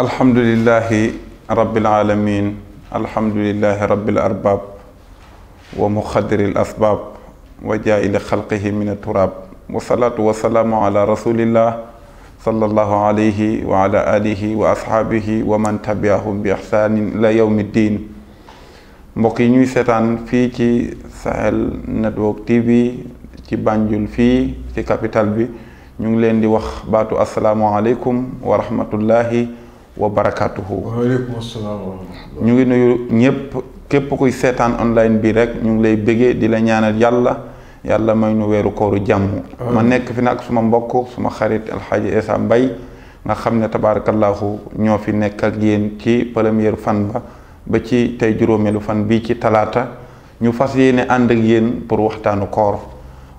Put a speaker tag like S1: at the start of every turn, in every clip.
S1: الحمد لله رب العالمين الحمد لله رب الأرباب ومخدر الأسباب وجائل خلقه من التراب والصلاة والسلام على رسول الله صلى الله عليه وعلى آله وأصحابه ومن تبعهم بإحسان إلى يوم الدين mbokk yi ñuy seetaan fii ci Sahel Network TV ci Banjul في ci بي bi لين ngi leen di wax baatu asalaamualeykum wa rahmatullahi wa barakaatuhu. waaleykum salaam ñu ngi nuyu ñëpp kuy seetaan online bi rek ñu ngi lay bëggee di la ñaanal yàlla yàlla may nu weeru kooru jàmm. nekk fi nag suma mbokk suma xarit Alxaaji Essa Mbay nga xam ne tabaarakallaahu ñoo fi nekk ak yéen ci première fan ba ba ci tey juróomeelu fan bii ci talaata ñu fas yéene ànd ak yéen pour waxtaanu koor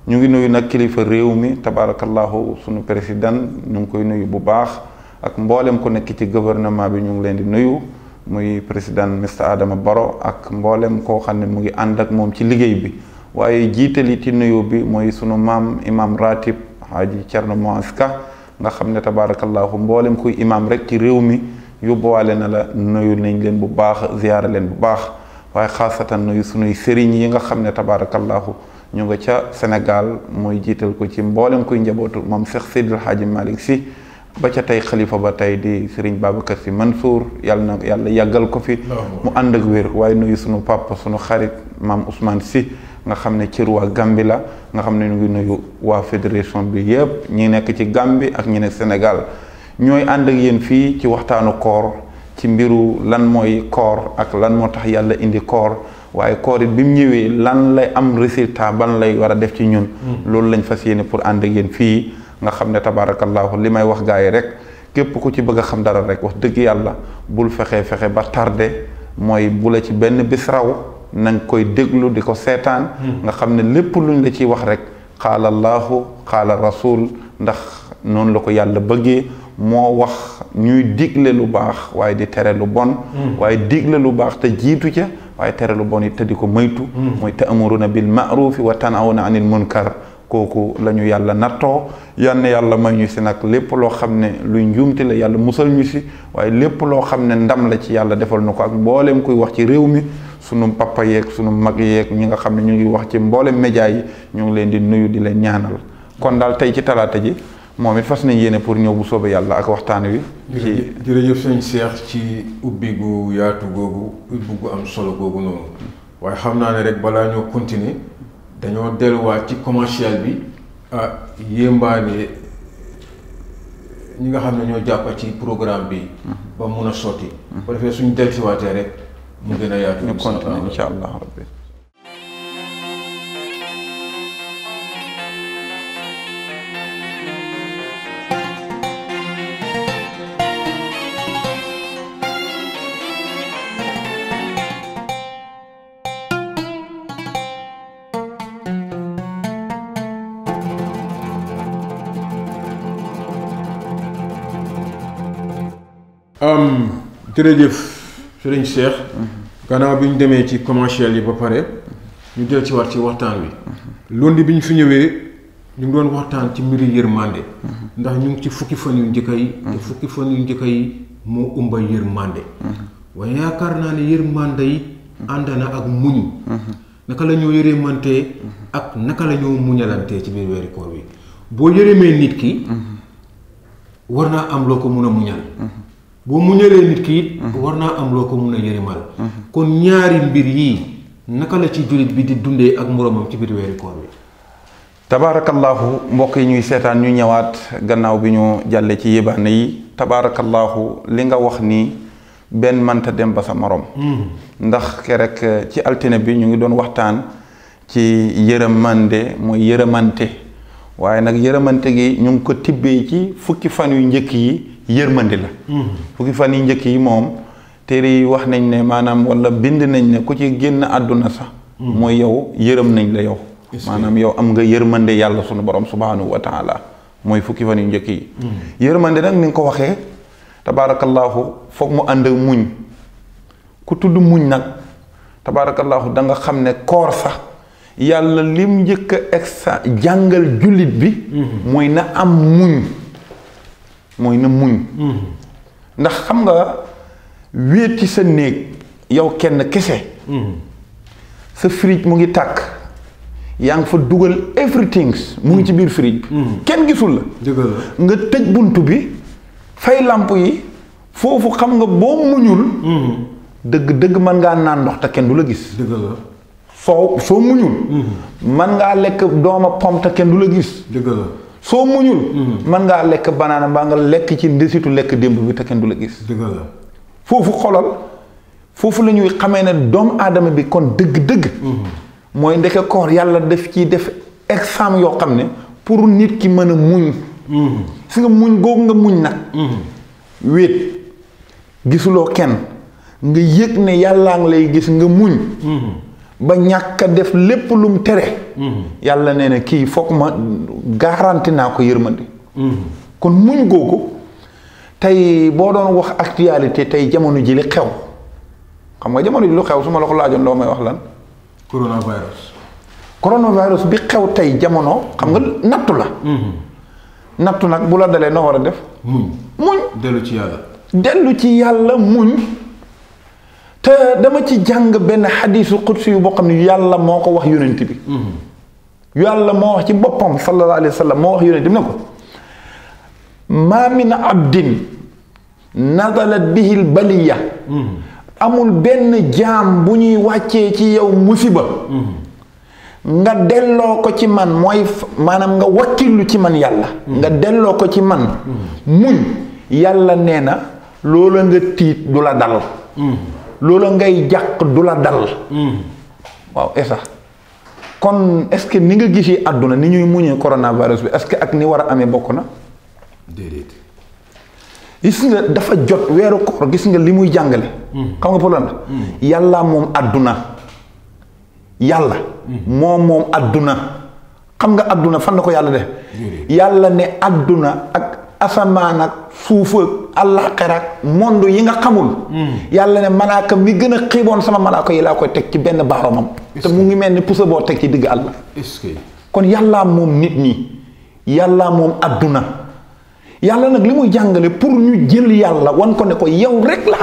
S1: ñu ngi nuyu nag kilifa réew mi tabaarakallaahu sunu président ñu ngi koy nuyu bu baax. ak mboolem ku nekk ci gouvernement bi ñu ngi leen di nuyu muy président Mr Adama Barrow ak mboolem koo xam ne mu ngi ànd ak moom ci liggéey bi waaye yi ci nuyu bi mooy sunu maam imaam ratib Haji Thierno Moise nga xam ne tabaarakallaahu mboolem kuy imaam rek ci réew mi yóbbuwaale na la nuyu nañ leen bu baax ziyaara leen bu baax waaye xaasatan nuyu sunuy sëriñ yi nga xam ne tabaarakallaahu ñu nga ca Sénégal mooy jiital ko ci mboolem kuy njabootu moom Cheikh Seydil Hadji Malick Sy ba ca tey xalifa ba tey di Serigne Babacar man Mansour yàlla na yàlla yàggal ko fi mu ànd ak wér waaye nuyu suñu pàpp suñu xarit maam Ousmane Sy nga xam ne cër waa Gambie la nga xam ne nu ngi nuyu waa fédération bi yëpp ñi nekk ci Gambie ak ñi ne senegal ñooy ànd ak yéen fii ci waxtaanu koor ci mbiru lan mooy koor ak lan moo tax yàlla indi koor waaye koor bi mu ñëwee lan lay am résultat ban lay war a def ci ñun mm. loolu lañ fas yéene pour ànd ak nga xamne ne tabaarakallaahu li wax gaay rek kep ku ci bëgg xam dara rek wax deug yàlla bul fexe fexe ba tardé moy bu la ci ben bis raw koy déglu diko ko nga xamne lépp luñ la ci wax rek qala allah qala rasul ndax non la ko yàlla bëggé mo wax ñuy digle lu baax waaye di tere lu bon. waaye digle lu baax te jitu ci waaye tere lu bon it te di ko moytu. bil ma'rufi wa tanawna anil munkar kooku la ñu yàlla nattoo yal na yàlla may ñu si nag lépp loo xam ne luy njuumte la yàlla musal ñu si waaye lépp loo xam ne ndam la ci yàlla defal na ko ak mbooleem kuy wax ci réew mi sunu papa yeeg sunu mag yeeg ñi nga xam ne ñu ngi wax ci mbooleem média yi ñu ngi leen di nuyu di leen ñaanal kon daal tey ci talaata ji moom it fas nañ yéene pour ñëw bu soobee yàlla ak waxtaan wi. ci
S2: jërëjëf sëñ Cheikh ci ubbi gu yaatu googu ubbi am solo googu noonu waaye xam naa dañoo delluwaat ci commercial bi ah yéembaane ñi nga xam ne ñoo jàpp ci programme bi. ba mun a sotti. Mm-hmm. bu defee suñ dellusiwaatee rek mu gën a yaatu. ñu continuer incha allah rabbi jërëjëf sëriñ Cheikh mhm. gannaaw bi ñu demee ci commercial yi ba pare ñu jël ci waat ci waxtaan wi lundi bi ñu fi ñëwee ñu ngi doon waxtaan ci mbiri yërmande mhm. ndax ñu ngi ci fukki fan yu njëkk yi te mhm. fukki fan yu njëkk yi moo umba yërmande waaye yaakaar naa ne yërmande yi ànd na ak muñ naka la ñoo yërëmantee ak naka la ñoo muñalantee ci biir weeri koor bi boo yërëmee nit ki war naa am loo ko mun a muñal bu mu ñëree nit ki it war naa am loo ko mun a yërëmal kon ñaari mbir yi naka la ci jullit bi di dundee ak moroomam ci biir weeri koor bi tabaarakallaahu mbokk yi ñuy seetaan ñu ñëwaat
S1: gannaaw bi ñu jàlle ci yébaane yi tabaarakallaahu li nga wax ni benn mënta dem ba sa morom hmm. ndax ke ci altine bi ñu ngi doon waxtaan ci yërëmande mooy yërëmante waaye nag yërëmante gi ñu ngi ko tibbee ci fukki fan yu njëkk yi yërmandi la mm-hmm. fukki fan yi njëkk yi moom téere yi wax nañ ne maanaam walla bind nañ ne ku ci génn àdduna sax mm-hmm. mooy yow yërëm nañ la yow maanaam yow am nga yërmande yàlla sunu borom subhanahu wa taala mooy fukki fan yu njëkk yi
S2: mm-hmm.
S1: yërmande nag ni nga ko waxee tabaarakallaahu foog mu ànd ak muñ ku tudd muñ nag tabaarakallaahu danga xam ne koor sax yàlla lim njëkk a exa jàngal jullit bi mooy na am muñ mooy na muñ hmm. ndax xam nga wéet ci sa néeg yow kenn kese hmm. sa fridge mu ngi tàkk yaa ngi fa dugal everything mu ngi ci hmm. biir fridge bi kenn gisul la nga tëj bunt bi fay làmp yi foofu xam nga boo muñul dëgg dëgg mën ngaa naan ndox te kenn du la gis soo soo muñul mën ngaa lekk dooma pom te kenn du la gis dëgg soo muñul. Mhm. mën ngaa lekk banaana mbaa nga lekk ci ndesitu lekk démb bi te kenn du la gis. dëgg foofu xolal foofu la ñuy xamee ni doomu aadama bi kon dëgg-dëgg. Mhm. mooy ndeke koor yàlla def ci def examen yoo xam ne pour nit ki mën a muñ. Mhm. si nga muñ googu nga muñ nag. wéet gisuloo kenn nga yëg ne yàllaa ngi lay gis nga muñ. ba ñàkk a def lépp lu tere. Mm-hmm. yàlla nee na kii foog ma garanti naa ko yërmande. Mm-hmm. kon muñ googu tey boo doon wax actualité tey jamono ji li xew xam nga jamono ji lu xew suma ma la ko laajoon loo may wax lan.
S2: coronavirus.
S1: coronavirus bi xew tey jamono xam nga mm-hmm. nattu la. nattu nag bu la dalee noo war a def.
S2: muñ
S1: dellu ci yàlla muñ. te dama ci jàng benn xadiisu qudsi yu boo xam ne yàlla moo ko wax yonent bi
S2: mm-hmm.
S1: yàlla moo wax ci boppam sallallahu alayhi wa sallam moo wax yonent bi ne ko maa min abdin nazalat bihi l baliya
S2: mm-hmm.
S1: amul benn jaam bu ñuy wàccee ci yow musiba
S2: mm-hmm.
S1: nga delloo ko ci man mooy maanaam nga wakkilu ci man yàlla nga delloo ko ci man muñ yàlla nee na loola nga tiit du la dal loola ngay jàq du la dal hmm. waaw et kon est-ce que ni nga gis gisi àdduna ni ñuy muñee coronavirus bi est-ce ak ni war a amee bokk na gis nga dafa jot weeru koor gis nga li muy jàngale hmm. xam nga problème la hmm. yàlla moom àdduna yàlla moom moom àdduna xam nga àdduna fan la ko yàlla def yàlla ne àdduna ak asamaan ak suuf ak àllaaxira ak yi nga xamul. Hmm. yàlla ne malaaka mi gën a xiiboon sama malaaka yi laa koy teg ci benn baaraamam. te mu ngi mel ni puso boo teg ci digg àll. kon yàllaa moom nit ñi yàlla moom adduna yàlla nag li muy jàngale pour ñu jël yàlla wan ko ne ko yow rek la.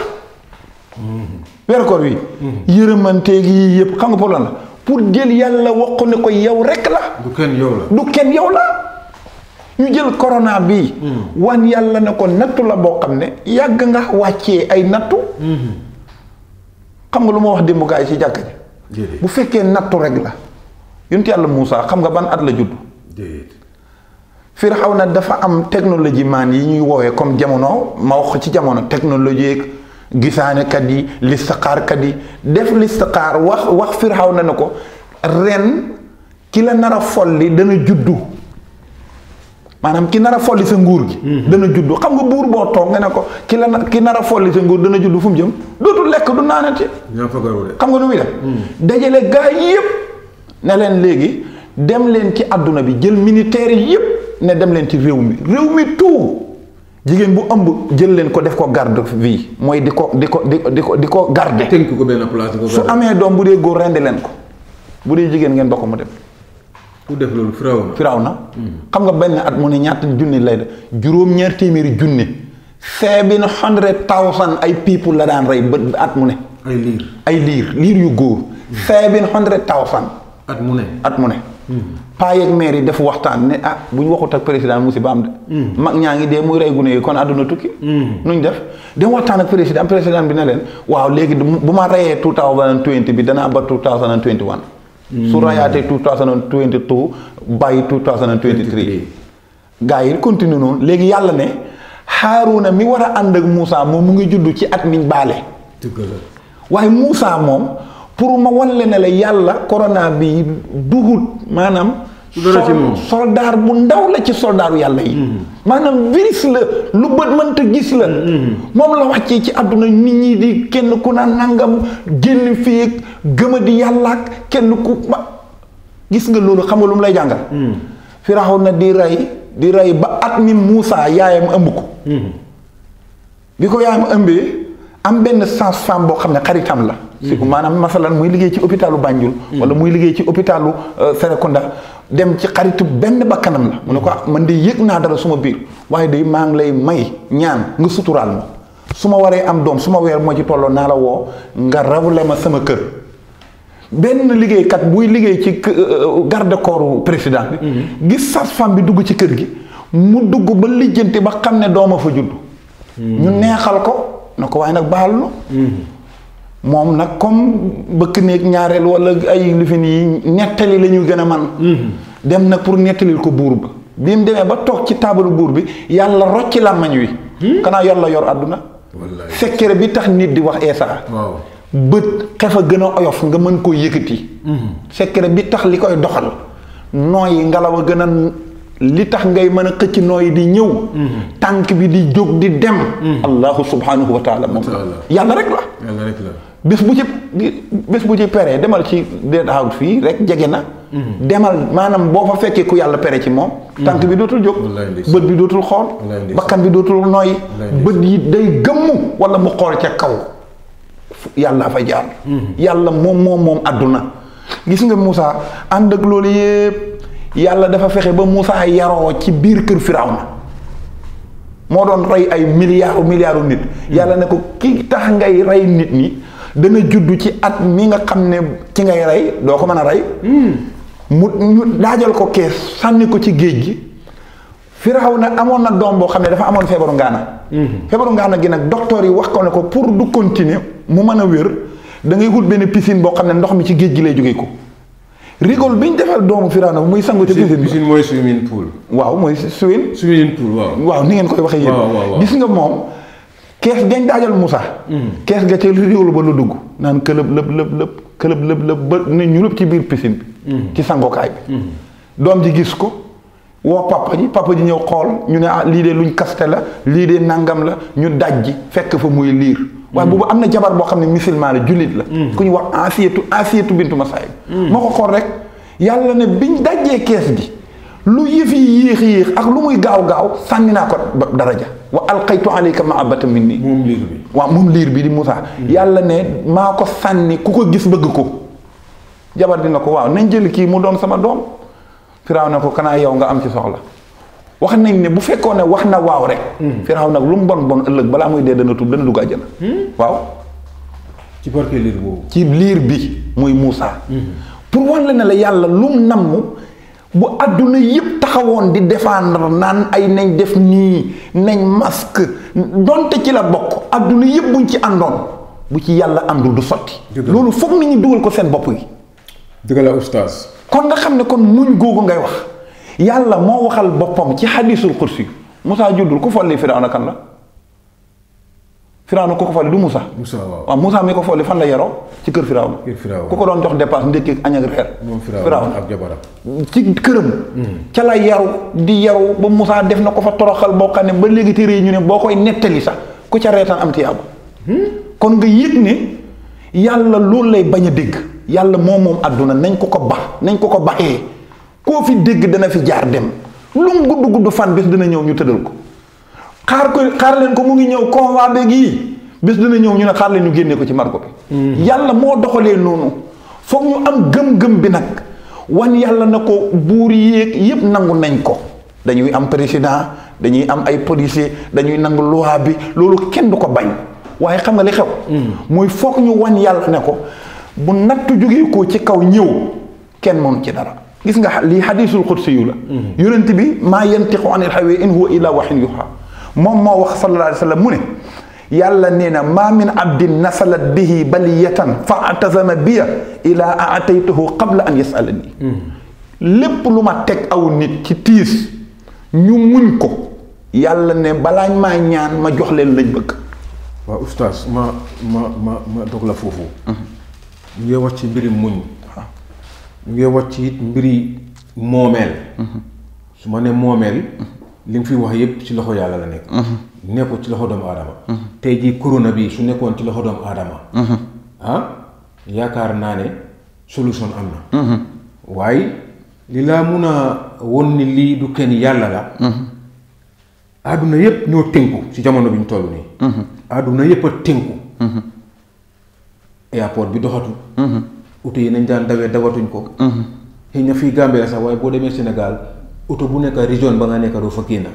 S1: Hmm. weer koor wi. Hmm. yërëmanteeg yii yëpp xam nga problème la pour jël yàlla wax ko ne ko yow rek la. du kenn yow yow la. ñu jël corona bi hmm. wan yalla ne ko nattu la bo xamne yag nga wàccee ay nattu hmm. xam nga luma wax dembu gaay ci jàkk bu fekke nattu rek la yunt yalla musa xam nga ban at la judd Firawna dafa am technology man yi ñuy woowee comme jamono ma wax ci jamono technology yeeg gisaane kat yi listixaar kat yi def listixaar wax wax Firawna nako ren ki la folli dana juddou maanaam ki nar a folli sa nguur gi. Mhm. dana juddu xam nga buur boo toog nga ne ko ki la ki nar a folli sa nguur dana juddu fu mu jëm dootul lekk du naanati. xam nga nu muy def. Mhm. dajale gaa yëpp ne leen léegi dem leen ci àdduna bi jël mi ni militaire yëpp ne dem leen ci réew mi réew mi tout jigéen bu ëmb jël leen ko def ko garde vie mooy di ko di ko di ko di ko di ko garde. tënk ko benn place su amee doom bu dee góor rendi leen ko bu dee jigéen ngeen bokk mu dem. ku def loolu firaw na na. xam nga benn at mu ne ñaata junni lay de juróom-ñaar téeméeri junni. seven hundred thousand ay people la daan rey ba at mu ne. ay liir ay liir liir yu góor. Hmm. seven hundred thousand. at mu ne at mu ne. Hmm. paa yeeg maire yi def waxtaan ne ah bu ñu waxut ak président musiba am de. Hmm. mag ñaa ngi dee muy rey gune yi kon àdduna tukki. nuñ def dem waxtaan ak président président bi ne leen waaw léegi bu ma reyee two thousand and twenty bi danaa ba two thousand and twenty one Mm. Surayaate 2022 by 2023. gaa yi continue noonu léegi yàlla ne na mi war a ànd ak Moussa moom mu ngi juddu ci ak miñ baale. waaye Moussa moom pour ma wan la ne la yàlla corona bi duhut maanaam. soldaar bu ndaw la ci soldaaru yàlla yi mm-hmm. maanaam virus la lu bët mënta gis la mm-hmm. moom la wàccee ci àdduna nit ñi di kenn ku naan nangam génn fii gëma di yàllaak kenn ku ma gis nga loolu xam nga lu mu lay jàngal mm-hmm. firaaw na di rey di rey ba at mi muusa yaayam ëmb ko bi ko yaayam ëmbee am benn sage-femme boo xam ne xaritam la si maanaam masalan muy liggéey ci hôpitalu Banjul wala muy liggéey ci hôpitalu euh, Serekunda dem ci xaritu benn bakkanam la mu ne ko ah, man de yëg naa dara suma biir waaye day maa ngi lay may ñaan nga suturaal ma su ma waree am doom suma ma weer moo ci tolloo naa la woo nga rawle ma sama kër benn liggéeykat buy liggéey ci euh, euh, garde corps président bi mhm. gis sage-femme bi dugg ci kër gi mu dugg ba lijjanti ba xam ne dooma fa judd mhm. ñu neexal ko na ko waaye nag baalu moom nag comme bëkk néeg ñaareel wala ay lifin yi nettali lañu gën a man dem nag pour nettalil ko buur bi mu demee ba toog ci taabalu buur bi yàlla rocci làmmañ wi kanaa yàlla yor àdduna fekkere bi tax nit di wax eesa bët xef a gën a oyof nga mën koo yëkkati mhm. fekkere bi tax li koy doxal nooyi ngelaw a gën a li tax ngay mën a xëcc nooy di ñëw mhm. tànk bi di jóg di dem mhm. allahu subhanahu wa taala moom la yàlla rek la bés bu ci bis bu ci pere demal ci dee taxaw fii rek jege na. Mm-hmm. demal maanaam boo fa fekkee ku yàlla pere ci moom. Mm-hmm. tànk bi dootul jóg. bët bi dootul
S2: xool. bakkan bi dootul
S1: nooy. bët yi day gëmm wala mu xool ca kaw. yàlla fa jaar. Mm-hmm. yàlla moom moom moom àdduna. gis nga musaa ànd ak loolu yëpp yàlla dafa fexe ba Moussa yaroo ci biir kër na moo doon rey ay milliards milliards nit. yàlla ne ko ki tax ngay rey nit ñi. dana juddu ci at mi nga xam ne ci ngay rey doo ko mën a rey hmm. mu ñu daajal ko kees sànni ko ci géej gi firaw na amoon na doom boo xam ne dafa amoon feebaru ngaana hmm. feebaru ngaana gi nag docteur yi wax ko ne ko pour du continuer mu mën a wér da ngay wut benn piscine boo xam ne ndox mi ci géej gi lay jógee ko rigol bi ñu defal doomu Firawna muy sangu ci piscine
S2: piscine mooy swimming
S1: pool. waaw mooy swimming. swimming waaw. ni ngeen koy waxee yéen. gis nga moom. kees gañ daajal Moussa. Hmm. kees ga ca réewlu ba la dugg naan këlëb lëb lëb lëb këlëb lëb lëb ba ne ñu lëb ci biir piscine bi. Hmm. ci sangokaay bi. Hmm. doom ji gis ko woo papa ji papa ji ñëw xool ñu ne ah lii de luñ kaste la lii de nangam la ñu daj fekk fa muy liir. waaye boobu am na jabar boo xam ne musulman la jullit la. ku ñu wax Asiyatu Asiyatu bintu Masaayib. moo ko xool rek yàlla ne biñ dajjee kees gi. lu yëf yi yéex yéex ak lu muy gaaw gaaw sànni naa ko daraja wa alqaytu alayka mahabbatan minni moom liir waaw moom liir bi di Moussa. Mm. yàlla ne maa ko sànni ku ko gis bëgg ko. jabar dina ko waaw nañ jël kii mu doon sama doom. firaaw na ko kanaa yow nga am ci soxla. wax nañ ne bu fekkoo ne wax na waaw rek. Mm. firaaw nag lu mu bon bon ëllëg balaa muy dee dana tub dana dugg àjjana. Mm. waaw. ci liir bi muy Moussa. pour wan la ne la yàlla lu mu namm bu àdduna yëpp taxawoon di défendre naan ay nañ def nii nañ masque donte ci la bokk àdduna yëpp buñ ci àndoon bu ci yàlla àndul du sotti. loolu foog nit ñi dugal ko seen bopp gi dëgg la kon nga xam ne kon muñ googu ngay wax yàlla moo waxal boppam ci xadiisul kursi Musaa juddul ku folli na kan la. Firawna koko fa fole du musa musa waaw waaw mi ko fole fan la yaro ci keur Firawna. kër Firawna ku ko doon jox dépasse ndek ak reer. moom Firawna ak jabara ci këram. Hmm. ci la yaro di yaro ba musa def na ko fa toroxal boo xam ba legi téere ñu ne bokoy netali sax ku ca retan am tiyaaba. Hmm? kon nga yit ne yalla loolu lay baña a yalla yàlla mom aduna nañ ko ko ba nañ ko ko baxee ko fi deg dana fi jaar dem lu gudd gudd fan bés dana ñew ñu tëddal ko. xaar ko xaar leen ko mu ngi ñëw convoi beeg yii bés dina ñëw ñu ne xaar leen ñu génne ko ci margo bi. Mhm. yàlla moo doxalee noonu foog ñu am gëm-gëm bi nag wan yàlla na ko buur yéeg yépp nangu nañ ko dañuy am président dañuy am ay policier dañuy nangu loi bi loolu kenn du ko bañ waaye xam nga li xew. Mhm. mooy foog ñu wan yàlla ne ko bu nattu jógee ko ci kaw ñëw kenn moom ci dara. gis nga xa lii xadiisul xudsi yu la. Mhm. yonent bi maa yantiqu anil hawaa in huwa illaa wahyun yuuhaa moom moo wax sallallahu alayhi wa sallam mu ne yàlla nee na maa min abdin nasalat bihi baliyatan fa atazama biya ilaa aataytuhu qabla an yasalani lépp lu ma teg aw nit ci tiis ñu muñ ko
S2: yàlla ne balaañ maa ñaan ma jox leen lañ bëgg waaw oustaz ma ma ma ma dog la foofu ñu ngi wax ci mbiri muñ ñu ngi wax ci mbiri moomeel su ma ne moomeel li nga fi wax yëpp ci loxo yàlla la nekk. Mhm. nekkul ci loxo doomu aadama. Mhm. tey jii corona bi su nekkoon ci loxo doomu aadama. Mhm. ah yaakaar naa ne solution am na. waaye li laa mun a won ni lii du kenn yàlla la. àdduna yëpp ñoo tënku ci jamono bi ñu toll nii. àdduna yëpp a tënku. airport bi doxatu oto yi nañ daan dawee dawatuñ ko. xëy na fii Gambie sax waaye boo demee Sénégal. oto bu nekk région ba nga nekk doo fa génn.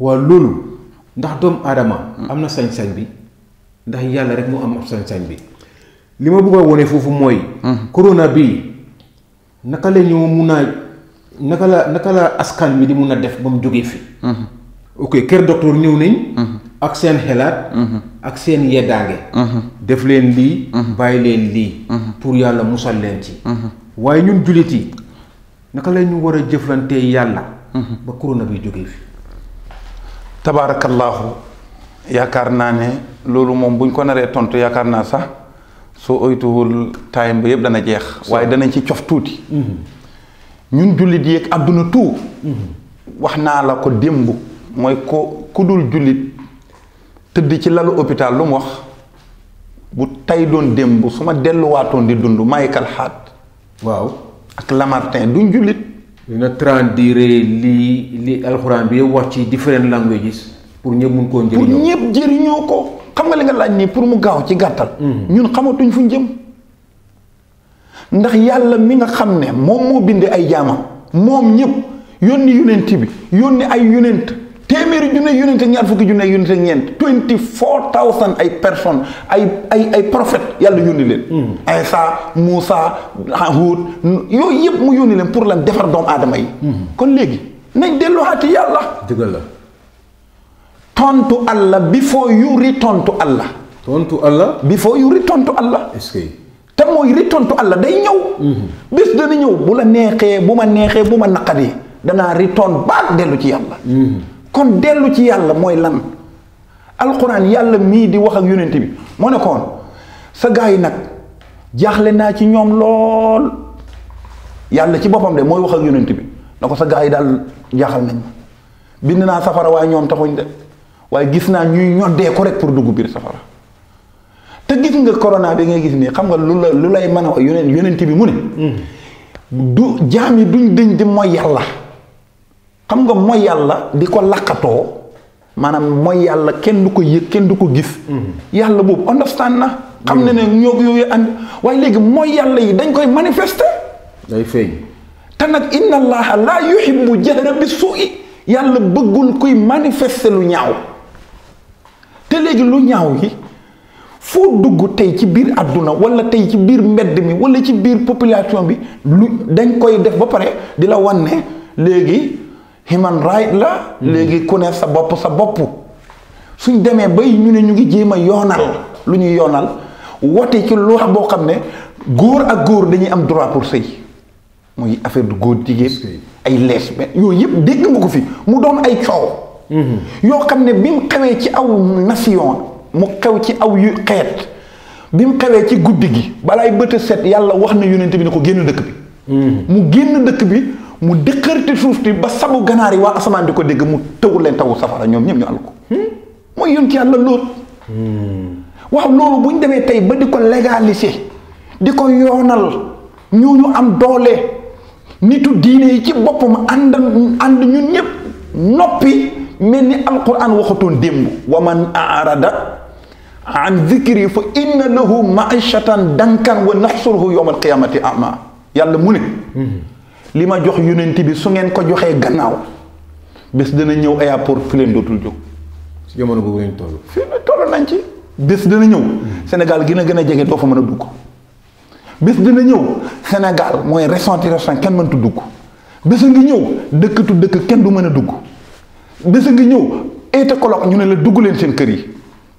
S2: waa loolu ndax doomu aadama. am na sañ-sañ bi ndax yàlla rek moo am sañ-sañ bi li ma bëgg a wone foofu mooy. korona mhm. bi naka la ñoo mun a naka la naka la askan wi di mun a def ba mu jógee fi. Mhm. ok kër docteur ñëw nañ. Mhm. ak seen xelaat. ak seen yeddaange. def leen lii. bàyyi leen lii. pour yàlla musal leen ci. waaye ñun jullit yi. naka la ñu war a jëflante yàlla. Mhm. ba corona bi jógee fi.
S1: tabaarakallaahu yaakaar naa ne loolu moom buñ ko naree tontu yaakaar naa sax soo oytuwul time ba yëpp dana jeex. waaye danañ ci cof tuuti. Mhm. ñun jullit yeeg àdduna tuur
S2: mhm.
S1: wax naa la ko démb. mooy ko ku dul jullit tëdd ci lalu hôpital lu mu wax bu tay doon démb su ma delluwaatoon di dund maykal xaat waaw. ak
S2: Lamartin duñ jullit. dina traduire li li alxuraan bi wax ci different languages pour ñëpp mun koo njëriñoo pour ñëpp jëriñoo
S1: ko xam nga li nga laaj nii pour mu gaaw ci gàttal. Mm-hmm. ñun xamatuñ fu jëm. ndax yàlla mi nga xam ne moom moo bind ay jaamam moom ñëpp yónni yonent bi yónni ay yonent téeméeri junne yonent ak ñaar fukki junne yonent ak ñeent twenty four thousand ay personnes ay ay ay prophètes yàlla yónni leen. Aysa hmm. Muusa Hud yooyu yëpp mu yónni leen pour lan defar doomu aadama yi. Hmm. kon léegi nañ delluwaati yàlla. dëgg la. tontu Allah before you return to Allah. tontu Allah. before you return to Allah. est-ce te mooy return to Allah day ñëw. Hmm. bés dana ñëw bu la neexee bu ma neexee bu ma naqaree danaa return back dellu ci yàlla. kon dellu ci yàlla mooy lan alxuraan yàlla mii di wax ak yonent bi moo ne koon yi nag jaaxle naa ci ñoom lool yàlla ci boppam de mooy wax ak yonent bi na sa gars yi daal jaaxal bind naa safara waaye taxuñ de waaye gis naa ñuy ñoddee ko rek pour dugg biir te gis nga corona bi ngay gis nii xam nga lu lu lay mën a yonent bi mu ne mm. du jaam yi duñ dëñ di mooy yàlla xam nga mooy yàlla di ko lakkatoo maanaam mooy yàlla kenn du ko yëg kenn du ko gis. Mm-hmm. yàlla boobu understand na. xam ne ne ñoo yooyu ànd waaye léegi mooy yàlla yi dañ koy manifester. day te nag inna allaha laa yuhibbu jahra bi su'i yàlla bëggul kuy manifester lu ñaaw te léegi lu ñaaw yi foo dugg tey ci biir àdduna walla tey ci biir mbedd mi wala ci biir population bi lu dañ koy def ba pare di la wan léegi. human right la. léegi ku ne sa bopp sa bopp. suñ demee bay ñu ne ñu ngi jéem a yoonal. lu ñuy yoonal wote ci loi boo xam ne góor ak góor dañuy am droit pour sëy muy affaire du góor jigéen. ay lees yooyu yëpp dégg nga ko fi mu doon ay coow. Mm-hmm. yoo xam ne bi mu xewee ci aw nation mu xew ci aw yu xeet bi mu xewee ci guddi gi balaay bët a set yàlla wax na yonent bi ne ko génn dëkk bi. Mm-hmm. mu génn dëkk bi. mu dëkkërti suuf ti ba sabu ganaar yi waa asamaan di ko dégg mu tëwul leen tawu safara ñoom ñëpp ñu àll ko hmm? mooy yonent yàlla lóot hmm. waaw loolu bu ñu demee tey ba di ko légaliser di ko yoonal ñu am doole nitu diine yi ci boppam ànd ànd ñun ñëpp noppi mel ni alquran waxatoon démb wa man aarada an zikri fa inna lahu maishatan dankan wa naxsuruhu yowma alqiyamati ama yàlla mu ne hmm. lima jox yonent bi su ngeen ko joxe gannaaw bes dana ñew aéroport fi leen dotul jóg. si jamono boobu lañ toll. fii la toll nañ ci bes dana ñew Sénégal gi na gëna jégué do fa mëna dugg bes dana ñew Sénégal moy restaurant restaurant kenn mëntu dugg bes nga ñew dëkk tu dëkk kenn du mëna dugg bes nga ñew ñëw étacologue ñu ne la dugg leen seen kër yi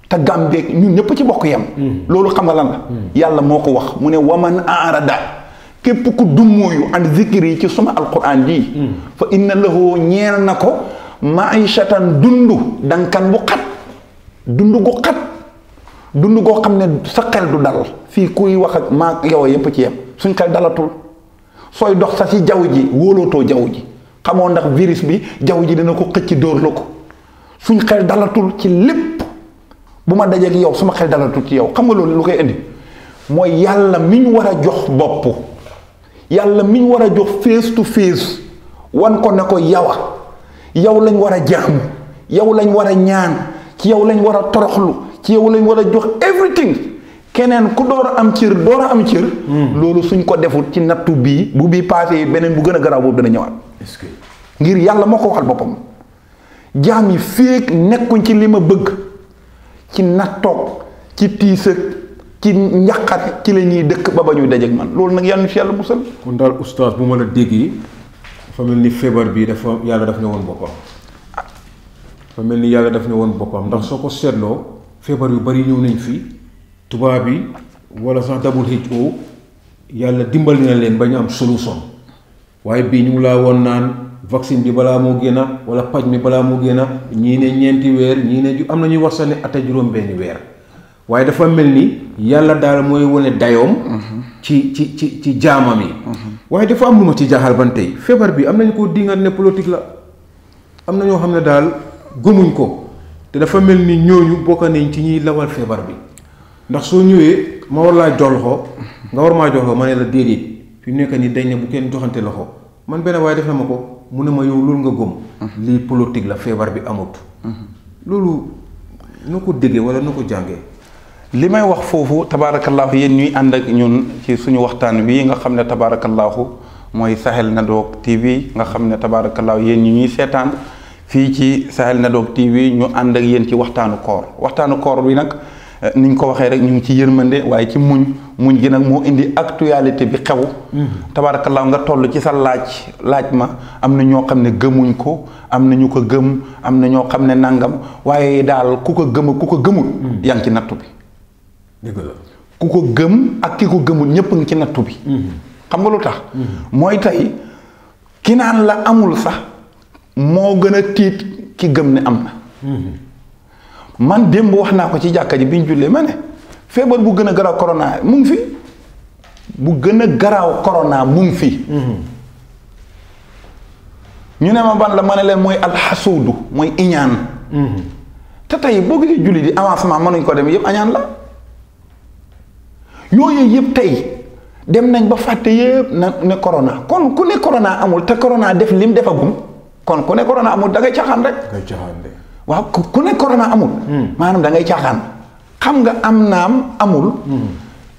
S1: ta gambe ñun ñëpp ci bokk yam hmm. lolu xam nga lan la. Hmm. yàlla moo wax mu ne waman aarada képp ku dummóoyu an and zikri ci suma alquran di. Hmm. fa inna lahu ñeel tan maishatan dundu dankan bu xat dundu gu xat dundu go xamne ne sa xel du dal fi kuy wax ak ma yow yep ci yem suñ xel dalatul soy dox sa si jaww ji wóolootoo jaww ji xamoo ndax virus bi jaww ji dina ko xecc dóor lako suñ xel dalatul ci lepp buma dajje ak yow suma xel dalatul ci yow xam nga lolou lu koy indi moy yalla miñ wara jox yàlla mi war a jox face to face wan ko ne ko yawa yow lañ war a jaamu yow lañ war a ñaan ci yow lañ war a toroxlu ci yow lañ war a jox everything keneen ku door a am cër door a am cër. Hmm. loolu suñ ko deful ci nattu bii bu bii paasee beneen bu gën a garaaw boobu dana ñëwaat. ngir yàlla moo ko waxal boppam jaam yi féeg nekkuñ ci li ma bëgg ci nattoog ci tiisag. ci njàqare ci la ñuy dëkk ba ba ñuy dajeeg man loolu nag yàlla na fi yàlla musal.
S2: kon daal oustaz bu ma la déggee dafa mel ni feebar bi dafa yàlla daf ne woon boppam. dafa mel ni yàlla daf ne woon boppam ndax soo ko seetloo feebar yu bari ñëw nañ fi tubaab yi wala sax WHO yàlla dimbali na leen ba ñu am solution waaye bii ñu ngi laa woon naan vaccine bi balaa moo génn wala paj mi balaa moo génn ñii ne ñeenti weer ñii ne am na ñuy wax sax ne ata juróom-benni weer. waaye dafa mel ni yàlla daal mooy wane dayoom. ci ci ci ci jaamam yi. waaye dafa am lu ma ci jaaxal ban tey feebar bi am nañu ko dingaat ne politique la am na ñoo xam ne daal gëmuñ ko te dafa mel ni ñooñu bokk nañ ci ñuy lawal feebar bi ndax soo ñëwee ma war laa jox loxo nga war maa jox loxo ma ne la déedéet fi mu nekk nii dañ ne bu kenn joxante loxo man benn waaye def na ma ko mu ne ma yow loolu nga gëm. lii politique la feebar bi amut. loolu noo ko déggee wala noo ko jàngee. li may wax foofu
S1: tabaarakallaahu yéen ñuy ànd ak ñun ci suñu waxtaan wi nga xam ne tabaarakallaahu mooy Sahel Ndog TV nga xam ne tabaarakallaahu yéen ñi ñuy seetaan fii ci Sahel Ndog TV ñu ànd ak yéen ci waxtaanu koor waxtaanu koor bi nag eh, ni ko waxee rek ñu ngi ci yërmande waaye ci muñ muñ gi nag moo indi actualité bi xew mm-hmm. tabaarakallaahu nga toll ci sa laaj laaj ma am na ñoo xam ne gëmuñ ko am na ñu ko gëm am na ñoo xam ne nangam waaye daal ku ko gëm ku ko gëmul mm-hmm. yaa ci nattu bi dëgg ku ko gëm ak ki ko gëmul ñëpp ngi ci nattu bi. Mhm. xam nga lu tax. Mhm. mooy tey ki naan la amul sax moo gën a tiit ki gëm ni am na. Mhm. man démb wax naa ko ci jàkka ji bi ñu jullee ma ne feebar bu gën a garaaw corona mu ngi fi bu gën a garaaw korona mu ngi fi. ñu ne ma ban la ma ne leen mooy alxasuudu mooy iñaan. te tey boo gisee julli di avancement mënuñ ko dem yëpp añaan la. yooyu yëpp tey dem nañ ba fàtte yëpp ne corona kon ku ne corona amul te corona def lim defagum kon ku ne amul da ngay caaxaan rek. ku ne corona amul. Hmm. maanaam da ngay caaxaan. xam nga am naam amul. Hmm.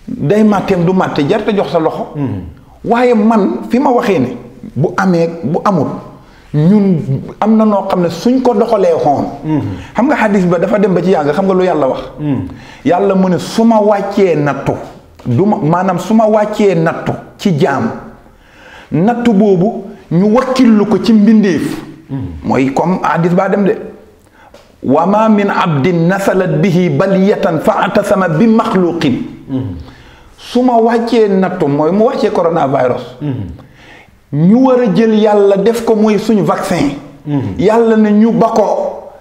S1: day màtteem du màtte jar te jox sa loxo. Hmm. waaye man fi ma waxee ne. bu amee bu amul. ñun am na noo xam ne suñ ko doxalee xoon xam nga xaddis ba dafa dem ba ci yàgg xam nga lu yàlla wax. yàlla mu ne su ma wàccee nattu. du maanaam su ma wàccee nattu ci jaam nattu boobu ñu wakkillu ko ci mbindéef mooy comme hadis baa dem de wa ma min abdin nasalat bihi baliyatan fa atasama bi maxluqin su ma wàccee nattu mooy mu wàccee coronavirus ñu war a jël yàlla def ko muy suñu vaccin yàlla ne ñu ba ko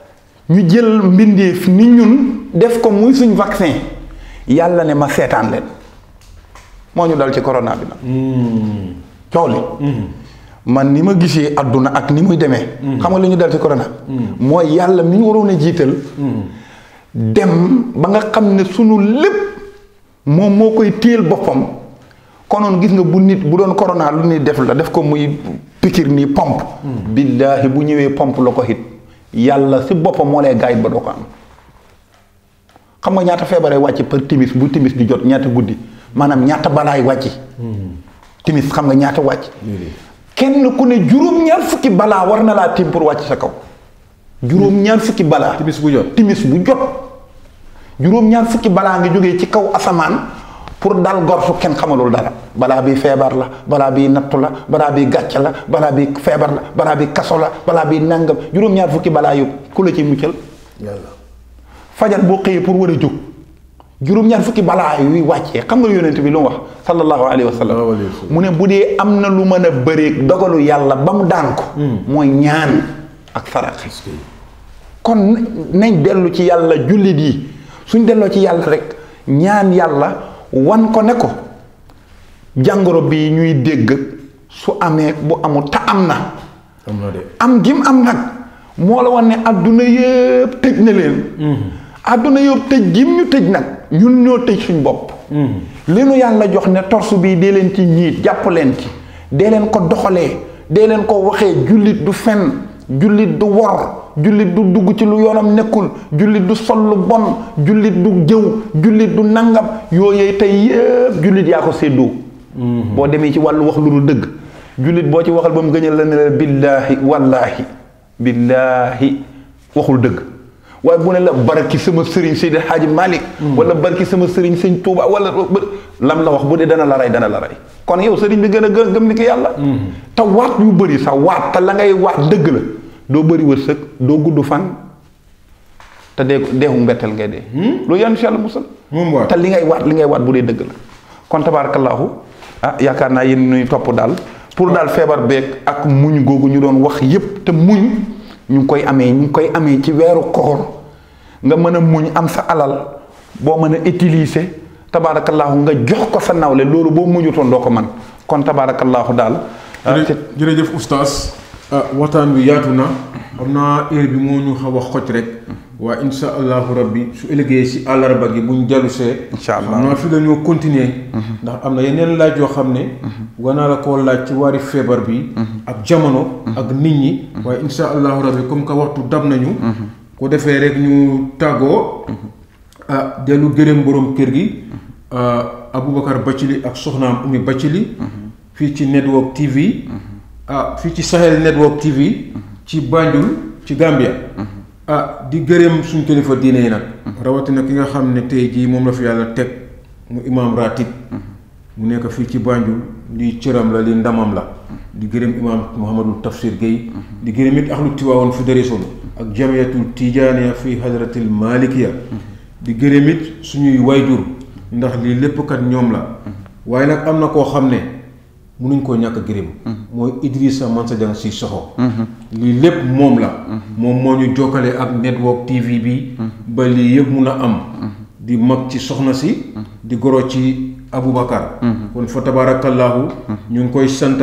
S1: ñu jël mbindéef ni ñun def ko muy suñu vaccin yàlla ne ma seetaan leen moo ñu dal ci corona bi nag. Hmm. coow li hmm. man ni ma gisee àdduna ak ni muy demee. Hmm. xam nga li ñu dal ci corona. mooy yàlla mi waroon a jiital. dem ba nga xam ne sunu lépp moom moo koy téel boppam konoon gis nga bu nit bu doon corona lu ni def la def ko muy pikir nii pompe. billaahi bu ñëwee pomp la ko hit yàlla si boppam moo lay gaayit ba doo ko am xam nga ñaata feebaree wàcc par timis bu timis di jot ñaata guddi. maanaam ñaata balaay wàcc. timis xam nga ñaata wàcc. kenn ku ne juróom-ñaar fukki balaa war na laa tiim pour wàcc sa kaw. juróom-ñaar fukki balaa. timis bu jot timis bu jot. juróom-ñaar fukki balaa nga jógee ci kaw asamaan pour dal gor kenn xamalul dara balaa bi feebar la balaa bi nattu la balaa bi gàcc la balaa bi feebar la balaa bi kaso la balaa bi nangam juróom-ñaar fukki balaa yu ku la ci muccal. fajal boo xëyee pour war a jóg. juróom-ñaar fukki balaa yuy wàccee xam nga yonent bi lu mu wax sallallahu alayhi wa sallam mu ne bu dee am na lu mën a bëreek dogalu yàlla ba mu daan ko hmm. mooy ñaan ak sarax kon nañ dellu ci yàlla jullit yi suñ delloo ci yàlla rek ñaan yàlla wan ko ne ko jàngoro bi ñuy dégg su amee bu amul te am na am gim am nag moo la wan ne àdduna yëpp tëj na leen àdduna hmm. yëpp tëj gim ñu tëj nag ñun ñoo tëj suñ bopp. Hmm. li nu yàlla jox ne torsu bii dee leen ci ñiit jàpp leen ci dee leen ko doxalee dee leen ko waxee jullit du fen jullit du wor. jullit du dugg ci lu yoonam nekkul jullit du sol lu bon jullit du jëw jullit du nangam yooyu tey yëpp jullit yaa ko séddoo. Hmm. boo demee ci wàllu wax lu dul dëgg. jullit boo ci waxal ba mu gëñal la ne la billaahi wallaahi billaahi waxul dëgg. waaye bu ne la barki sama sëriñ Seydi Hadji Malick mm. wala barki sama sëriñ sëñ Touba wala lam la wax bu dee dana la rey dana la rey kon yow sëriñ bi gën a gëm ni ki yàlla mm. te waat yu bëri sa waat te la ngay waat dëgg la doo bëri wërsëg doo gudd fan te dee deexu mbetteel ngay dee hmm? loolu yàlla incha allah musal te li ngay waat li ngay waat bu dee dëgg la kon tabaarakallaahu ah yaakaar naa yéen ñuy topp daal pour daal feebar beeg ak muñ googu ñu doon wax yépp te muñ ñu ngi koy amee ñu ngi koy amee ci weeru koor nga mën a muñ am sa alal boo mën a utiliser tabaarakallaahu nga jox ko sa nawle loolu boo muñutoon doo ko man kon tabaarakallaahu daal. Ah,
S2: jërëjëf oustaz ah, waxtaan wi yaatu na xam naa heure bi moo ñu wax xoj rek. waa insha allahu rabbi su ëllëgee si àllarba gi buñ ñu incha allah xam naa fi dañoo continuer mhm. ndax am na yeneen laaj yoo xam ne mhm. war naa la koo laaj ci waari feebar bi mhm. ak jamono ak nit ñi waaye insha allahu rabbi comme que waxtu dab nañu ko defee rek ñu tàggoo ah, dellu gërëm borom kër gi ah, Aboubacar li ak soxnaam Oumy Bathily fii ci network TV ah fii ci Sahel network TV ci Banjul ci Gambia ah di gërëm suñ kilifa diine yi nag. rawatina ki nga xam ne tey jii moom la fi yàlla teg mu imaam ratib mu nekk fii ci Banjul li cëram la li ndamam la. di gërëm imaam Mouhamadou Tafsir Guèye. di gërëm it ahlu Tiwaawoon fédération ak jamiyatul tijaaniya fii hadratil malikiya di gërëm it suñuy wayjur ndax lii lépp kat ñoom la. waaye nag am na koo xam ne. mënuñ koo ñàkk gërëm. Mm-hmm. mooy Idrissa Mansa Dieng Cissokho. Mm-hmm. lii lépp moom la. Mm-hmm. moom moo ñu jokkale ak network TV bi. ba lii yëpp mun a am. di mag ci soxna si. di goro ci Aboubacar. kon fa tabaarakallaahu ñu ngi koy sant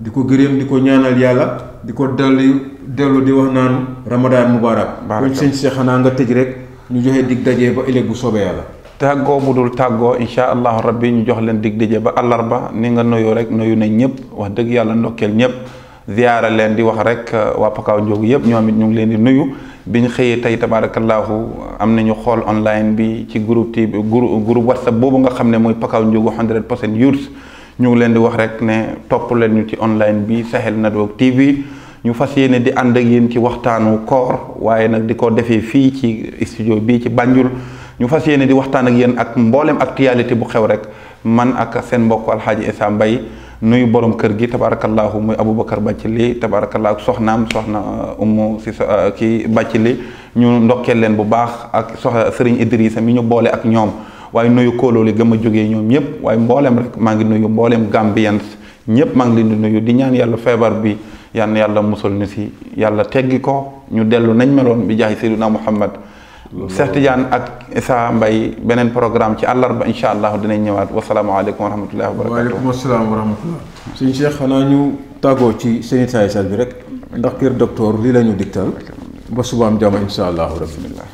S2: di ko gërëm di ko ñaanal yàlla di ko dellu dellu di wax naan Ramadan Mubarak. baaraam kon sëñ Cheikh xanaa nga tëj rek ñu joxe dig daje ba ëllëg bu soobee yàlla. tàggoo bu dul tàggoo
S1: incha allahu rabbi ñu jox leen ba dije ba àllarba ni nga nuyu rek nuyu nañ ñëpp wax dëgg yàlla ndokkeel ñëpp ziyaara leen di wax rek euh, waa Pakaaw Njóogu yëpp ñoom it ñu ngi leen di nuyu biñ xëyee tey tabaarakallaahu am nañu xool online bi ci groupe ti groupe whatsapp boobu nga xam ne mooy Pakaaw Njóogu 100% youth ñu ngi leen di wax rek ne topp leen ñu ci online bi Sahel Network TV ñu fas yéene di ànd ak yéen ci waxtaanu koor waaye nag di ko defee fii ci studio bii ci Banjul ñu fas yéene di waxtaan ak yéen ak mboolem actualité bu xew rek man ak seen mbokk alxaaji Issa mbay nuyu borom kër gi tabaarakallaahu muy abu Aboubacar Bathily tabaarakallaahu soxnaam soxna umu uh, si uh, kii li ñu ndokkeel leen bu baax ak soxna Serigne idrisam mi ñu boole ak ñoom waaye nuyu kóolóoli gëm a jógee ñoom ñëpp waaye mboolem rek maa ngi nuyu mbooleem Gambians ñëpp maa ngi leen di nuyu di ñaan yàlla feebar bi yàlla na yàlla musal ni si yàlla teggi ko ñu dellu nañ meloon bi jaay Seydina Muhammad Cheikh Tidiane ak sa mbay beneen programme ci àllarba incha allah dinañ ñëwaat wasalaamaaleykum wa rahmatulah wa barakatu. waaleykum salaam wa
S2: rahmatulah. suñu Cheikh xanaa ñu tàggoo ci sanitizer bi rek. ndax kër docteur lii la ñu digtal. ba subaam jàmm incha allah rabbi.